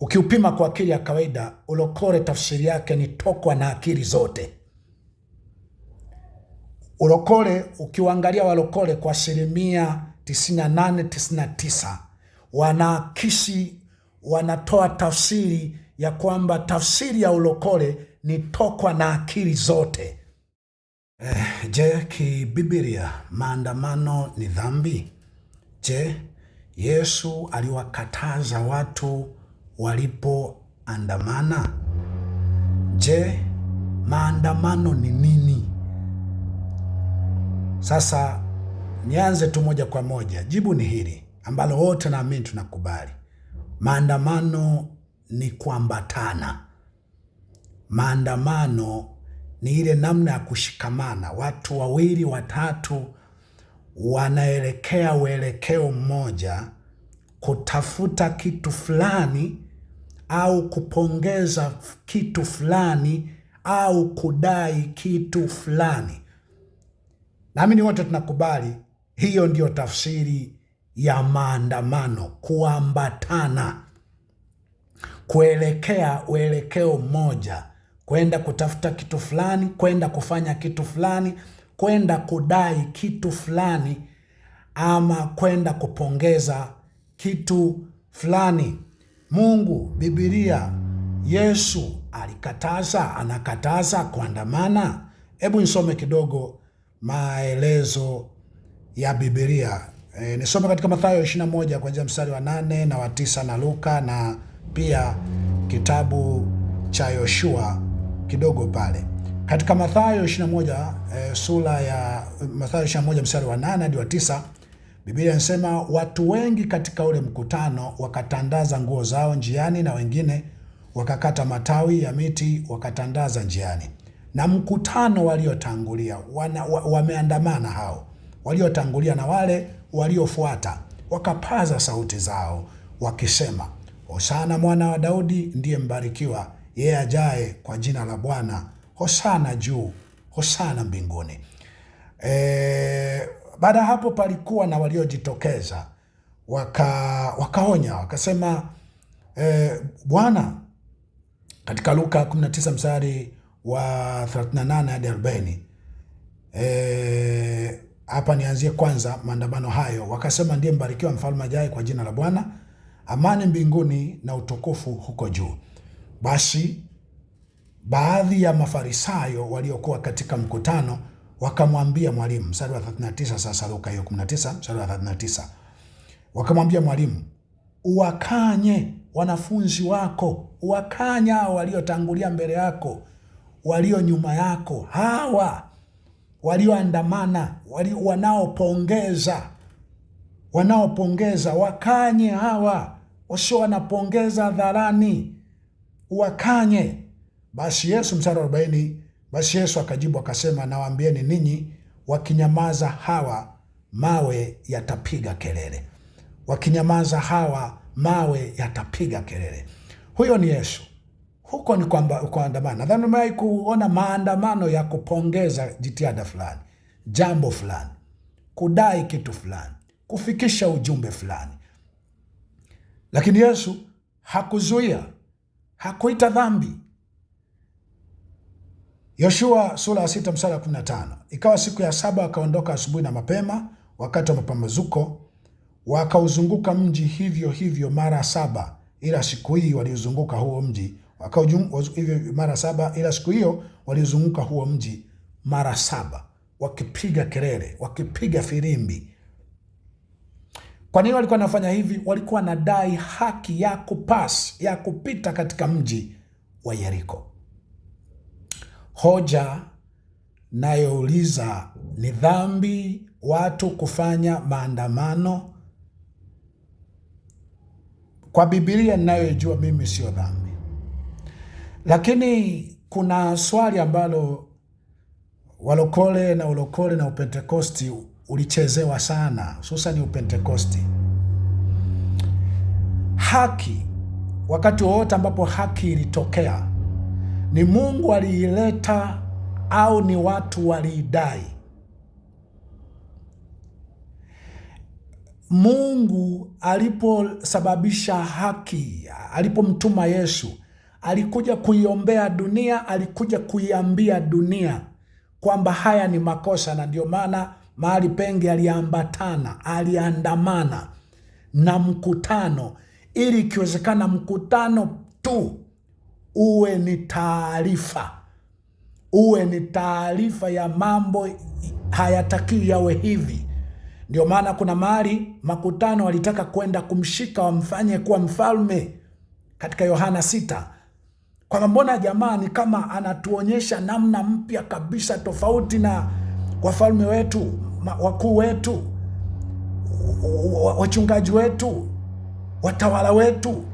Ukiupima kwa akili ya kawaida, ulokole tafsiri yake ni tokwa na akili zote. Ulokole ukiwaangalia walokole kwa asilimia 98 99 wanaakisi, wanatoa tafsiri ya kwamba tafsiri ya ulokole ni tokwa na akili zote. Eh, je, kibibilia maandamano ni dhambi? Je, Yesu aliwakataza watu walipoandamana? Je, maandamano ni nini? Sasa nianze tu moja kwa moja, jibu ni hili ambalo wote naamini tunakubali. Maandamano ni kuambatana. Maandamano ni ile namna ya kushikamana, watu wawili watatu wanaelekea uelekeo mmoja kutafuta kitu fulani au kupongeza kitu fulani au kudai kitu fulani. Naamini wote tunakubali hiyo ndiyo tafsiri ya maandamano, kuambatana, kuelekea uelekeo mmoja, kwenda kutafuta kitu fulani, kwenda kufanya kitu fulani, kwenda kudai kitu fulani, ama kwenda kupongeza kitu fulani. Mungu, Biblia, Yesu alikataza, anakataza kuandamana. Hebu nisome kidogo maelezo ya Biblia. E, nisome katika Mathayo 21 kuanzia mstari wa nane na wa tisa na Luka na pia kitabu cha Yoshua kidogo pale katika Mathayo 21 e, sura ya Mathayo 21 mstari wa nane hadi wa tisa Biblia inasema watu wengi katika ule mkutano wakatandaza nguo zao njiani, na wengine wakakata matawi ya miti wakatandaza njiani. Na mkutano waliotangulia wana, wameandamana hao waliotangulia na wale waliofuata wakapaza sauti zao wakisema, Hosana mwana wa Daudi, ndiye mbarikiwa yeye ajaye kwa jina la Bwana, Hosana juu, Hosana mbinguni. E, baada ya hapo palikuwa na waliojitokeza waka, wakaonya wakasema, e, Bwana katika Luka 19 mstari wa 38 hadi 40. Eh, hapa nianzie kwanza maandamano hayo. Wakasema, ndiye mbarikiwa mfalme ajaye kwa jina la Bwana, amani mbinguni na utukufu huko juu. Basi baadhi ya Mafarisayo waliokuwa katika mkutano Wakamwambia mwalimu, mstari wa 39 sasa, Luka hiyo 19 mstari wa 39, wakamwambia mwalimu, uwakanye wanafunzi wako, uwakanya hao waliotangulia mbele yako, walio nyuma yako, hawa walioandamana, wanaopongeza, wanaopongeza, wakanye hawa, wasio wanapongeza hadharani, uwakanye. Basi Yesu, mstari wa arobaini basi Yesu akajibu akasema, nawaambieni ninyi, wakinyamaza hawa mawe yatapiga kelele. Wakinyamaza hawa mawe yatapiga kelele. Huyo ni Yesu. Huko ni kwamba kuandamana. Nadhani umewahi kuona maandamano ya kupongeza jitihada fulani, jambo fulani, kudai kitu fulani, kufikisha ujumbe fulani. Lakini Yesu hakuzuia, hakuita dhambi, Yoshua sura ya sita mstari wa 15. Ikawa siku ya saba wakaondoka asubuhi na mapema wakati wa mapambazuko wakauzunguka mji hivyo hivyo mara saba, ila siku hii waliuzunguka huo mji hivyo mara saba, ila siku hiyo waliuzunguka huo mji mara saba, wakipiga kelele, wakipiga firimbi. Kwa nini walikuwa wanafanya hivi? Walikuwa wanadai haki ya kupas ya kupita katika mji wa Yeriko. Hoja nayouliza ni dhambi watu kufanya maandamano? Kwa Biblia ninayojua mimi sio dhambi, lakini kuna swali ambalo walokole na ulokole na upentekosti ulichezewa sana, hususani upentekosti. Haki, wakati wowote ambapo haki ilitokea ni Mungu aliileta au ni watu waliidai? Mungu aliposababisha haki, alipomtuma Yesu, alikuja kuiombea dunia, alikuja kuiambia dunia kwamba haya ni makosa, na ndio maana mahali pengi aliambatana, aliandamana na mkutano, ili ikiwezekana mkutano tu uwe ni taarifa, uwe ni taarifa ya mambo hayatakii yawe hivi. Ndio maana kuna mahali makutano walitaka kwenda kumshika wamfanye kuwa mfalme katika Yohana sita, kwamba mbona jamaa ni kama anatuonyesha namna mpya kabisa tofauti na wafalme wetu, wakuu wetu, wachungaji wetu, watawala wetu.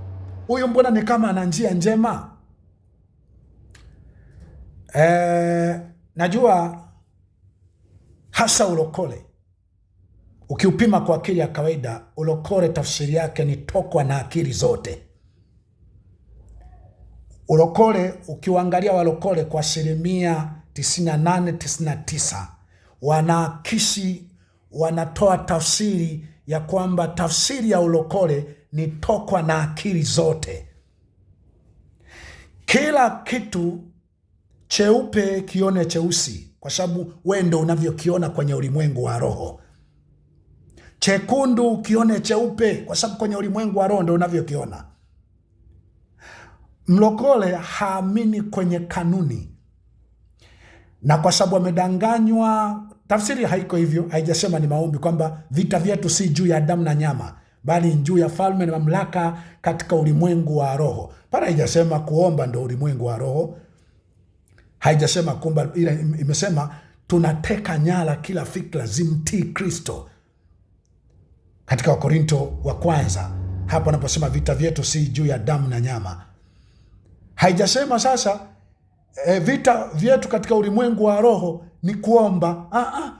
Huyu mbona ni kama ana njia njema? Eh, najua hasa ulokole ukiupima kwa akili ya kawaida, ulokole tafsiri yake ni tokwa na akili zote. Ulokole ukiwaangalia walokole kwa asilimia 98 99 wanaakisi, wanatoa tafsiri ya kwamba tafsiri ya ulokole ni tokwa na akili zote, kila kitu cheupe kione cheusi, kwa sababu wewe ndo unavyokiona kwenye ulimwengu wa roho. Chekundu kione cheupe, kwa sababu kwenye ulimwengu wa roho ndo unavyokiona. Mlokole haamini kwenye kanuni, na kwa sababu amedanganywa. Tafsiri haiko hivyo, haijasema ni maombi kwamba vita vyetu si juu ya damu na nyama bali juu ya falme na mamlaka katika ulimwengu wa roho. Pana haijasema kuomba ndo ulimwengu wa roho haijasema kumba, ila imesema tunateka nyara kila fikra zimtii Kristo, katika Wakorinto wa kwanza hapo anaposema vita vyetu si juu ya damu na nyama. Haijasema sasa e, vita vyetu katika ulimwengu wa roho ni kuomba. Aha.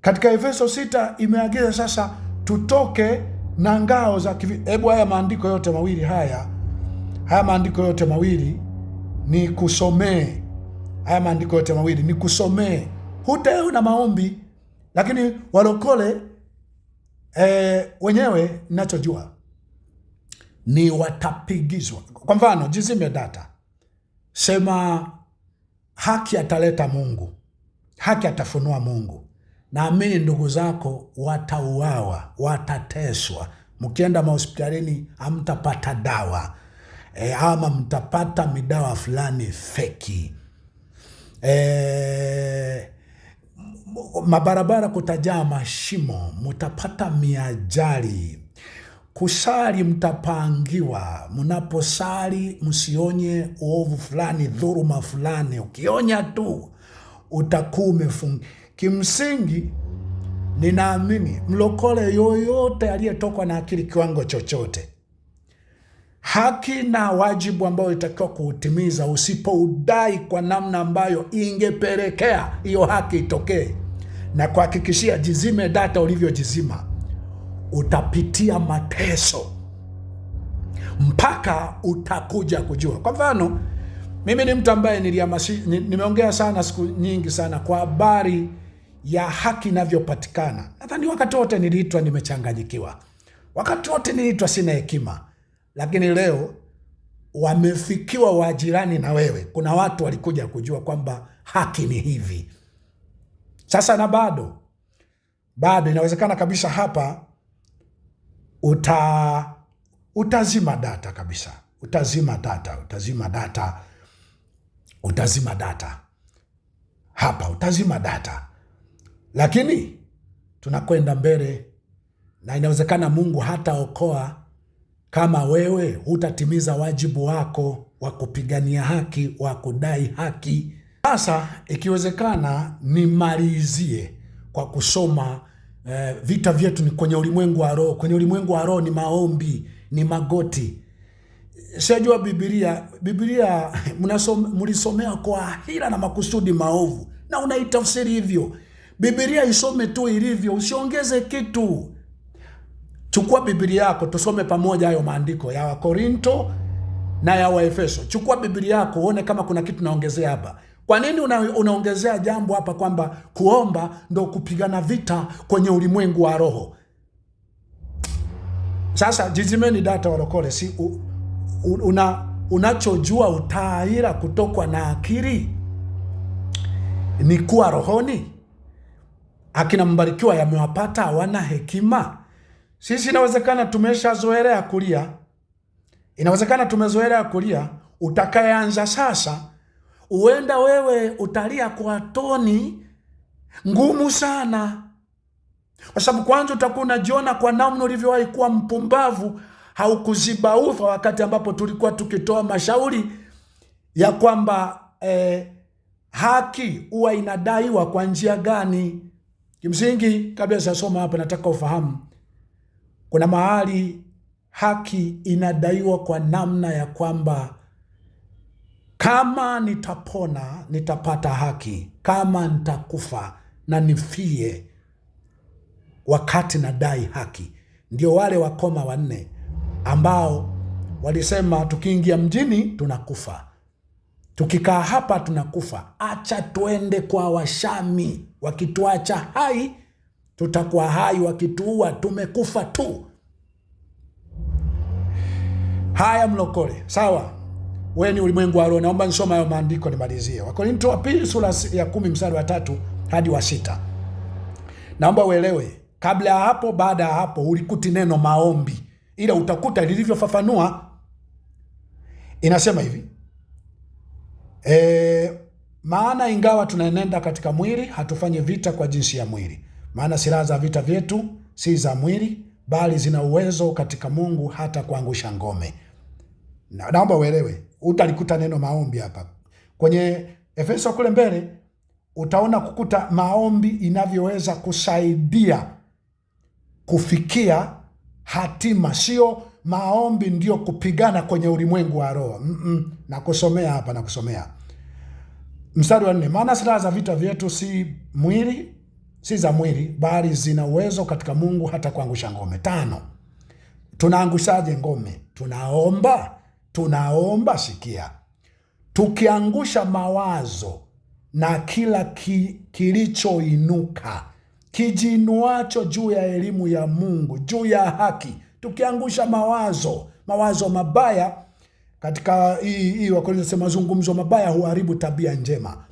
Katika Efeso sita imeagiza sasa tutoke na ngao za kivi. Hebu haya maandiko yote mawili haya haya maandiko yote mawili ni kusomee haya maandiko yote mawili ni kusomee hutewi na maombi. Lakini walokole e, wenyewe nachojua ni watapigizwa. Kwa mfano jizime data sema haki ataleta Mungu, haki atafunua Mungu. Naamini ndugu zako watauawa, watateswa. Mkienda mahospitalini hamtapata dawa e, ama mtapata midawa fulani feki. Eh, mabarabara kutajaa mashimo, mutapata miajali. Kusali mtapangiwa. Mnaposali msionye uovu fulani, dhuruma fulani. Ukionya tu utakuwa umefungi. Kimsingi ninaamini mlokole yoyote aliyetokwa na akili kiwango chochote haki na wajibu ambao itakiwa kuutimiza, usipoudai kwa namna ambayo ingepelekea hiyo haki itokee, na kuhakikishia, jizime data ulivyojizima, utapitia mateso mpaka utakuja kujua. Kwa mfano, mimi ni mtu ambaye nimeongea sana siku nyingi sana kwa habari ya haki inavyopatikana. Nadhani wakati wote niliitwa nimechanganyikiwa, wakati wote niliitwa sina hekima lakini leo wamefikiwa wajirani na wewe. Kuna watu walikuja kujua kwamba haki ni hivi sasa, na bado bado inawezekana kabisa hapa uta utazima data kabisa, utazima data, utazima data, utazima data hapa, utazima data, lakini tunakwenda mbele na inawezekana Mungu hataokoa kama wewe hutatimiza wajibu wako wa kupigania haki, wa kudai haki. Sasa ikiwezekana, nimalizie kwa kusoma eh, vita vyetu ni kwenye ulimwengu wa roho. Kwenye ulimwengu wa roho ni maombi, ni magoti. Sijua Biblia, Biblia mlisomea kwa hila na makusudi maovu, na unaitafsiri hivyo. Biblia isome tu ilivyo, usiongeze kitu. Chukua Biblia yako tusome pamoja hayo maandiko ya Wakorinto na ya Waefeso. Chukua Biblia yako uone kama kuna kitu naongezea hapa. Kwa nini una, unaongezea jambo hapa kwamba kuomba ndo kupigana vita kwenye ulimwengu wa roho? Sasa jizimeni data warokole, si una unachojua utaira kutokwa na akili ni kuwa rohoni. Akina Mbarikiwa yamewapata hawana hekima sisi inawezekana tumeshazoelea kulia, inawezekana tumezoelea kulia. Utakayeanza sasa, uenda wewe utalia kwa toni ngumu sana, kwa sababu kwanza utakuwa unajiona kwa namna ulivyowahi kuwa mpumbavu, haukuziba ufa wakati ambapo tulikuwa tukitoa mashauri ya kwamba eh, haki huwa inadaiwa kwa njia gani. Kimsingi, kabla sijasoma hapa, nataka ufahamu kuna mahali haki inadaiwa kwa namna ya kwamba kama nitapona nitapata haki, kama nitakufa na nifie wakati nadai haki. Ndio wale wakoma wanne ambao walisema tukiingia mjini tunakufa, tukikaa hapa tunakufa, acha tuende kwa Washami, wakituacha hai tutakuwa hai, wakituua tumekufa tu. Haya, mlokole sawa, we ni ulimwengu wa roho. Naomba nisoma hayo maandiko nimalizie. Wakorinto wa pili sura ya kumi mstari wa tatu hadi wa sita. Naomba uelewe, kabla ya hapo, baada ya hapo ulikuti neno maombi, ila utakuta lilivyofafanua inasema hivi e, maana ingawa tunaenenda katika mwili hatufanyi vita kwa jinsi ya mwili, maana silaha za vita vyetu si za mwili, bali zina uwezo katika Mungu hata kuangusha ngome. Na naomba uelewe, utalikuta neno maombi hapa kwenye Efeso kule mbele, utaona kukuta maombi inavyoweza kusaidia kufikia hatima. Sio maombi ndiyo kupigana kwenye ulimwengu wa roho mm -mm. Nakusomea hapa, nakusomea mstari wa nne, maana silaha za vita vyetu si mwili si za mwili, bali zina uwezo katika Mungu hata kuangusha ngome. Tano, tunaangushaje ngome? Tunaomba, tunaomba. Sikia, tukiangusha mawazo na kila ki, kilichoinuka kijinuacho juu ya elimu ya Mungu, juu ya haki, tukiangusha mawazo mawazo mabaya katika hii hii Wakorintho sema mazungumzo mabaya huharibu tabia njema.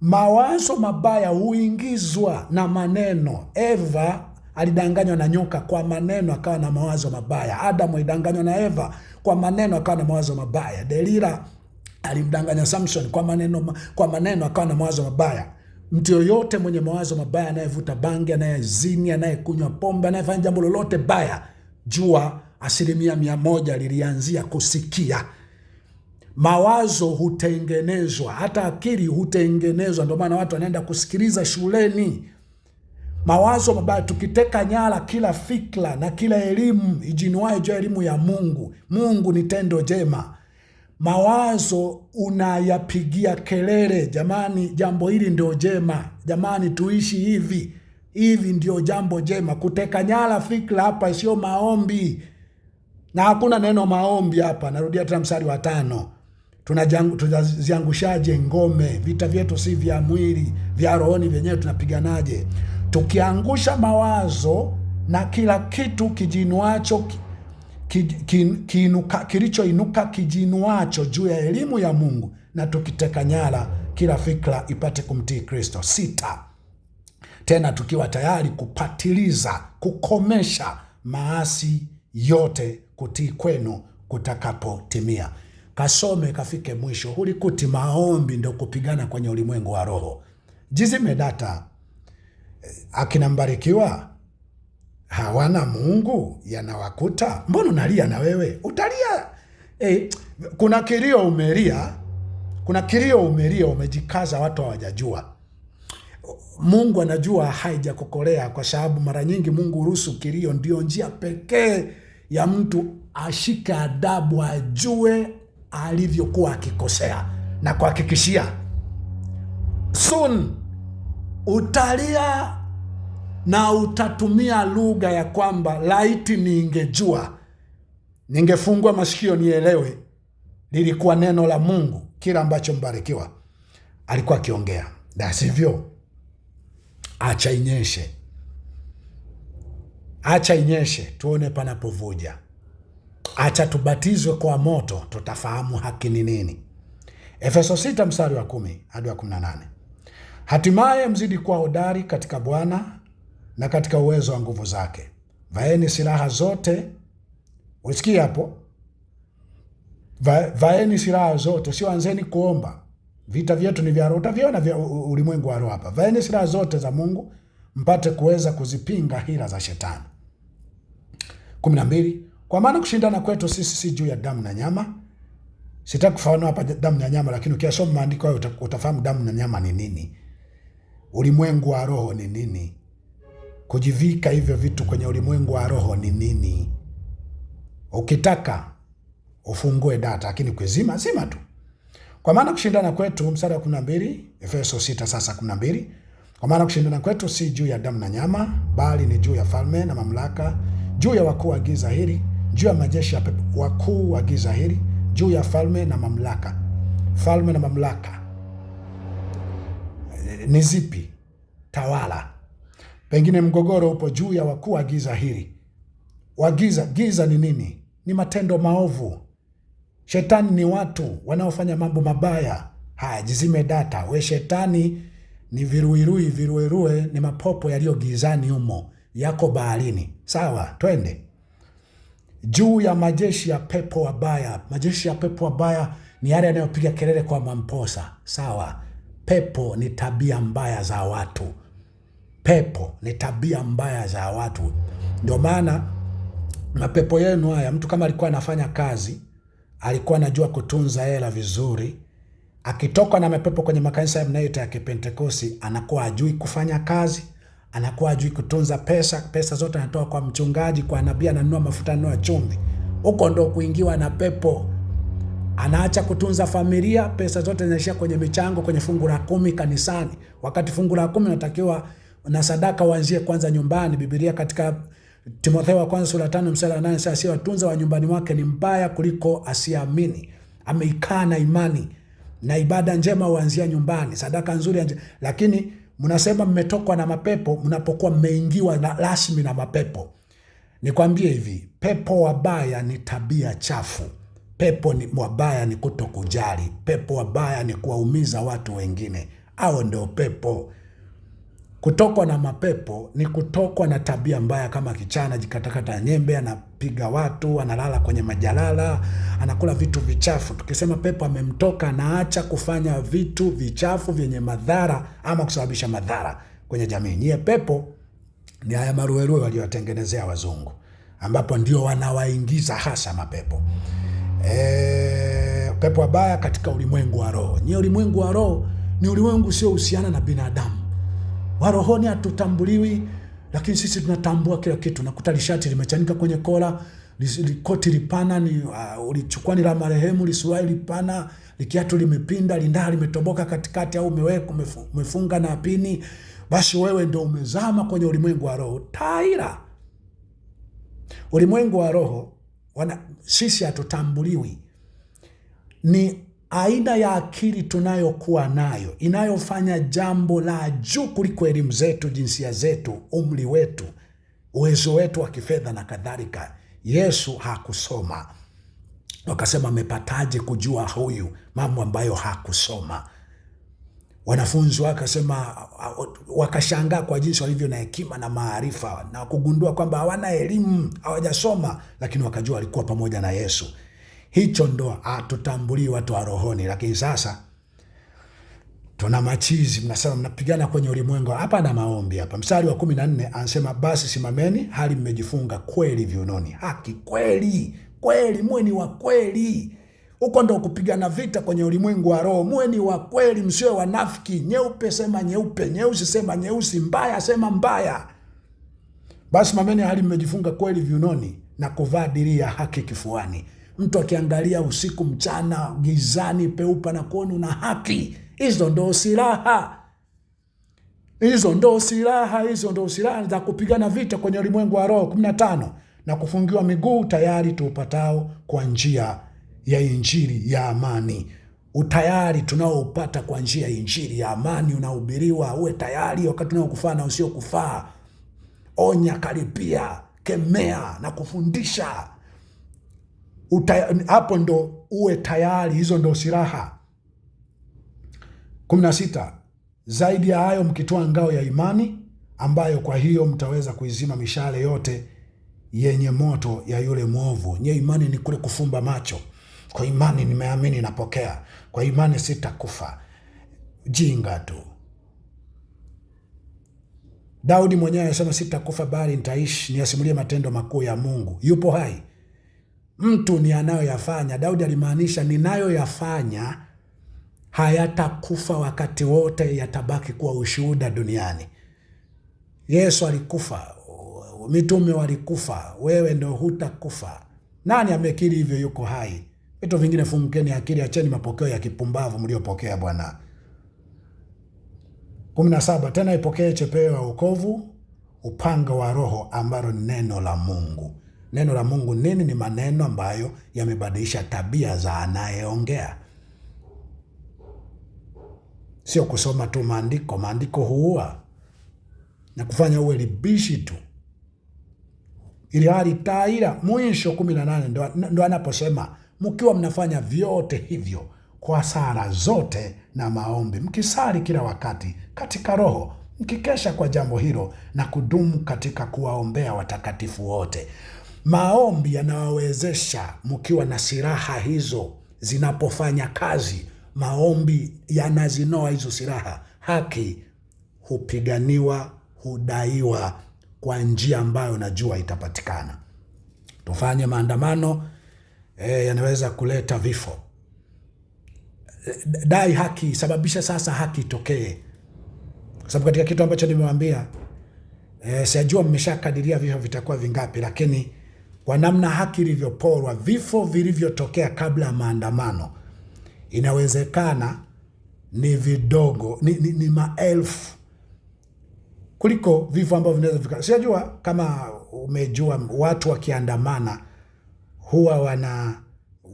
Mawazo mabaya huingizwa na maneno. Eva alidanganywa na nyoka kwa maneno, akawa na mawazo mabaya. Adamu alidanganywa na Eva kwa maneno, akawa na mawazo mabaya. Delila alimdanganya Samson kwa maneno, kwa maneno akawa na mawazo mabaya. Mtu yoyote mwenye mawazo mabaya, anayevuta bangi, anayezini, anayekunywa pombe, anayefanya jambo lolote baya, jua asilimia mia moja lilianzia kusikia mawazo hutengenezwa, hata akili hutengenezwa. Ndio maana watu wanaenda kusikiliza shuleni mawazo mabaya. Tukiteka nyara kila fikra na kila elimu ijinuayo juu ya elimu ya Mungu. Mungu ni tendo jema. Mawazo unayapigia kelele, jamani, jambo hili ndio jema, jamani, tuishi hivi hivi, ndio jambo jema. Kuteka nyara fikra hapa sio maombi, na hakuna neno maombi hapa. Narudia tena mstari wa tano tunaziangushaje ngome? Vita vyetu si vya mwili, vya rohoni vyenyewe tunapiganaje? Tukiangusha mawazo na kila kitu kijinuacho ki, ki, ki, kilichoinuka kijinuacho juu ya elimu ya Mungu, na tukiteka nyara kila fikra ipate kumtii Kristo. Sita, tena tukiwa tayari kupatiliza, kukomesha maasi yote kutii kwenu kutakapotimia kasome kafike mwisho. Hulikuti maombi ndo kupigana kwenye ulimwengu wa roho. Jizi medata akinambarikiwa hawana Mungu, yanawakuta. Mbona unalia na wewe utalia? E, kuna kilio umelia, kuna kilio umelia, umejikaza, watu hawajajua. Mungu anajua haija kukolea kwa sababu mara nyingi Mungu huruhusu kilio, ndio njia pekee ya mtu ashike adabu, ajue alivyokuwa akikosea, na kuhakikishia soon utalia na utatumia lugha ya kwamba laiti ningejua, ningefungwa masikio nielewe lilikuwa neno la Mungu kila ambacho Mbarikiwa alikuwa akiongea, dasivyo achainyeshe Acha inyeshe, acha inyeshe, tuone panapovuja acha tubatizwe kwa moto, tutafahamu haki ni nini. Efeso 6 mstari wa 10 hadi wa 18. Hatimaye mzidi kuwa hodari katika Bwana na katika uwezo wa nguvu zake, vaeni silaha zote. Usikie hapo, Va, vaeni silaha zote, sio anzeni kuomba. Vita vyetu ni vya roho, utaviona vya ulimwengu wa roho hapa. Vaeni silaha zote za Mungu mpate kuweza kuzipinga hila za shetani. 12 kwa maana kushindana kwetu sisi si juu ya damu na nyama. Sitaki kufafanua hapa damu na nyama, lakini ukisoma maandiko hayo utafahamu damu na nyama ni nini, ulimwengu wa roho ni nini, kujivika hivyo vitu kwenye ulimwengu wa roho ni nini. Ukitaka ufungue data, lakini kuzima zima tu. Kwa maana kushindana kwetu, mstari wa mbili Efeso sita sasa kumi na mbili kwa maana kushindana kwetu si juu ya damu na nyama, bali ni juu ya falme na mamlaka, juu ya wakuu wa giza hili juu ya majeshi ya pepo, wakuu wa giza hili, juu ya falme na mamlaka. Falme na mamlaka eh, ni zipi? Tawala. Pengine mgogoro upo juu ya wakuu wa giza hili. Wa giza, giza ni nini? Ni matendo maovu. Shetani ni watu wanaofanya mambo mabaya. Haya, jizime data. We shetani ni viruirui, viruerue, ni mapopo yaliyo gizani humo, yako baharini. Sawa, twende juu ya majeshi ya pepo wabaya. Majeshi ya pepo wabaya ni yale yanayopiga kelele kwa mamposa, sawa. Pepo ni tabia mbaya za watu, pepo ni tabia mbaya za watu. Ndio maana mapepo yenu haya, mtu kama alikuwa anafanya kazi, alikuwa anajua kutunza hela vizuri, akitoka na mapepo kwenye makanisa mnaita ya Kipentekosti, anakuwa ajui kufanya kazi anakuwa ajui kutunza pesa, pesa zote anatoa kwa mchungaji, kwa nabii, ananua mafuta, ananunua chumvi. Huko ndo kuingiwa na pepo. Anaacha kutunza familia, pesa zote zinaishia kwenye michango, kwenye fungu la kumi kanisani, wakati fungu la kumi natakiwa na sadaka uanzie kwanza nyumbani. Biblia katika Timotheo wa kwanza sura tano mstari wa nane asiyewatunza wa nyumbani wake ni mbaya kuliko asiamini, Ameikaa na imani na ibada njema huanzia nyumbani, sadaka nzuri, lakini mnasema mmetokwa na mapepo mnapokuwa mmeingiwa na rasmi na mapepo. Nikwambie hivi, pepo wabaya ni tabia chafu. Pepo ni wabaya ni kuto kujali. Pepo wabaya ni kuwaumiza watu wengine. Hao ndio pepo. Kutokwa na mapepo ni kutokwa na tabia mbaya, kama kichaa anajikatakata nyembe, anapiga watu, analala kwenye majalala, anakula vitu vichafu. Tukisema pepo amemtoka, anaacha kufanya vitu vichafu vyenye madhara ama kusababisha madhara kwenye jamii. Nyie pepo ni haya maruerue waliowatengenezea wazungu, ambapo ndio wanawaingiza hasa mapepo e, pepo wabaya katika ulimwengu wa roho. Nyie ulimwengu wa roho ni ulimwengu usiohusiana na binadamu Warohoni hatutambuliwi, lakini sisi tunatambua kila kitu. Nakuta lishati limechanika kwenye kola, likoti lipana ni uh, ulichukua ni la marehemu, lisuai lipana, likiatu limepinda, lindaa limetoboka katikati, au umeweka umefunga na pini, basi wewe ndo umezama kwenye ulimwengu wa roho taira, ulimwengu wa roho wana, sisi hatutambuliwi ni aina ya akili tunayokuwa nayo inayofanya jambo la juu kuliko elimu zetu, jinsia zetu, umri wetu, uwezo wetu wa kifedha na kadhalika. Yesu hakusoma. Wakasema, amepataje kujua huyu mambo ambayo hakusoma? Wanafunzi wakasema, wakashangaa kwa jinsi walivyo na hekima na maarifa na kugundua kwamba hawana elimu, hawajasoma, lakini wakajua walikuwa pamoja na Yesu. Hicho ndo atutambulii ah, watu wa rohoni. Lakini sasa tuna machizi, mnasema mnapigana kwenye ulimwengu hapa na maombi hapa. Mstari wa kumi na nne anasema basi simameni hali mmejifunga kweli viunoni, haki kweli kweli, muwe ni wa kweli. Huko ndo kupigana vita kwenye ulimwengu wa roho. Muwe ni wa kweli, msiwe wanafiki. Nyeupe sema nyeupe, nyeusi sema nyeusi, mbaya sema mbaya. Basi mameni hali mmejifunga kweli viunoni na kuvaa dirii ya haki kifuani mtu akiangalia usiku, mchana, gizani, peupa na kuona una haki. Hizo ndo silaha, hizo ndo silaha, hizo ndo silaha za kupigana vita kwenye ulimwengu wa roho. kumi na tano na kufungiwa miguu tayari tuupatao kwa njia ya injili ya amani. Utayari tunaoupata kwa njia ya injili ya amani unahubiriwa, uwe tayari wakati unaokufaa na usiokufaa. Onya, karipia, kemea na kufundisha uta, hapo ndo uwe tayari, hizo ndo silaha. kumi na sita. Zaidi ya hayo mkitoa ngao ya imani, ambayo kwa hiyo mtaweza kuizima mishale yote yenye moto ya yule mwovu. Nye imani ni kule kufumba macho, kwa imani nimeamini, napokea kwa imani, sitakufa jinga tu. Daudi mwenyewe anasema sitakufa, bali nitaishi niasimulie matendo makuu ya Mungu. Yupo hai mtu ni anayoyafanya. Daudi alimaanisha ninayoyafanya hayatakufa wakati wote, yatabaki kuwa ushuhuda duniani. Yesu alikufa, mitume walikufa, wewe ndo hutakufa. Nani amekiri hivyo? Yuko hai. Vitu vingine fumkeni akili, acheni mapokeo ya kipumbavu mliopokea Bwana. 17 tena ipokee chepeo ya wokovu, upanga wa Roho ambalo ni neno la Mungu. Neno la Mungu nini? Ni maneno ambayo yamebadilisha tabia za anayeongea, sio kusoma tu maandiko. Maandiko huua na kufanya uwe libishi tu, ili hali taira. Mwisho kumi na nane ndo, anaposema mkiwa mnafanya vyote hivyo kwa sala zote na maombi, mkisali kila wakati katika Roho, mkikesha kwa jambo hilo na kudumu katika kuwaombea watakatifu wote. Maombi yanawawezesha mkiwa na silaha hizo, zinapofanya kazi, maombi yanazinoa hizo silaha. Haki hupiganiwa, hudaiwa kwa njia ambayo najua itapatikana. Tufanye maandamano e, yanaweza kuleta vifo. Eh, dai haki, sababisha sasa haki itokee, kwa sababu katika kitu ambacho nimewambia e, eh, siajua mmeshakadiria vifo vitakuwa vingapi, lakini kwa namna haki ilivyoporwa, vifo vilivyotokea kabla ya maandamano, inawezekana ni vidogo, ni, ni, ni maelfu kuliko vifo ambavyo vinaweza vika. Sijajua kama umejua watu wakiandamana huwa wana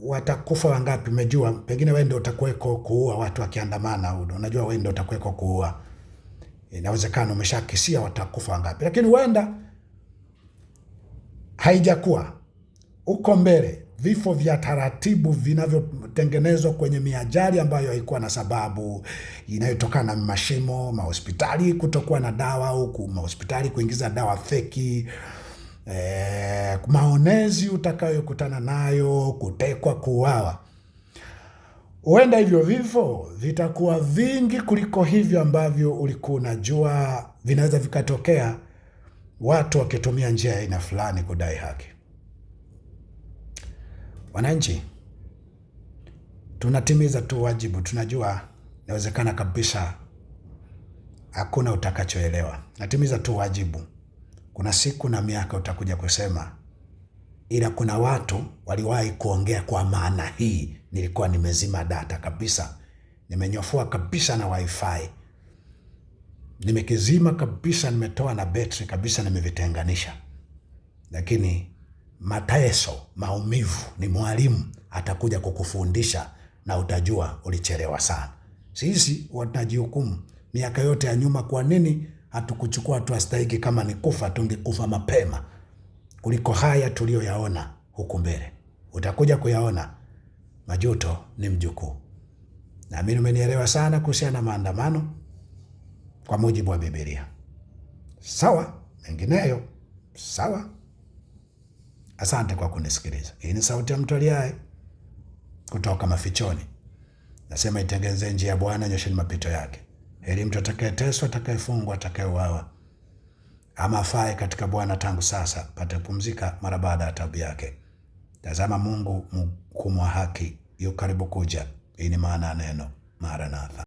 watakufa wangapi? Umejua pengine wewe ndio utakuweko kuua watu wakiandamana, unajua wewe ndio utakuweko kuua, inawezekana umeshakisia watakufa wangapi, lakini huenda haijakuwa uko mbele vifo vya taratibu vinavyotengenezwa kwenye miajali ambayo haikuwa na sababu inayotokana na mashimo, mahospitali kutokuwa na dawa huku mahospitali kuingiza dawa feki, e, maonezi utakayokutana nayo, kutekwa, kuuawa. Huenda hivyo vifo vitakuwa vingi kuliko hivyo ambavyo ulikuwa unajua vinaweza vikatokea watu wakitumia njia ya aina fulani kudai haki. Wananchi tunatimiza tu wajibu. Tunajua inawezekana kabisa hakuna utakachoelewa, natimiza tu wajibu. Kuna siku na miaka utakuja kusema, ila kuna watu waliwahi kuongea kwa maana hii, nilikuwa nimezima data kabisa, nimenyofua kabisa na wifi nimekizima kabisa, nimetoa na betri kabisa, nimevitenganisha. Lakini mateso, maumivu ni mwalimu, atakuja kukufundisha na utajua ulichelewa sana. Sisi watajihukumu miaka yote ya nyuma, kwa nini hatukuchukua hatua stahiki? Kama ni kufa, tungekufa mapema kuliko haya tuliyoyaona huku mbele. Utakuja kuyaona majuto ni mjukuu. Naamini umenielewa sana kuhusiana na maandamano kwa mujibu wa Biblia. Sawa, mengineyo sawa. Asante kwa kunisikiliza. Hii ni sauti ya mtu aliaye kutoka mafichoni, nasema itengeneze njia ya Bwana, nyosheni mapito yake. Heri mtu atakayeteswa, atakayefungwa, atakayeuawa ama afae katika Bwana tangu sasa pate kupumzika mara baada ya taabu yake. Tazama, Mungu mhukumu wa haki yu karibu kuja. Hii ni maana ya neno Maranatha.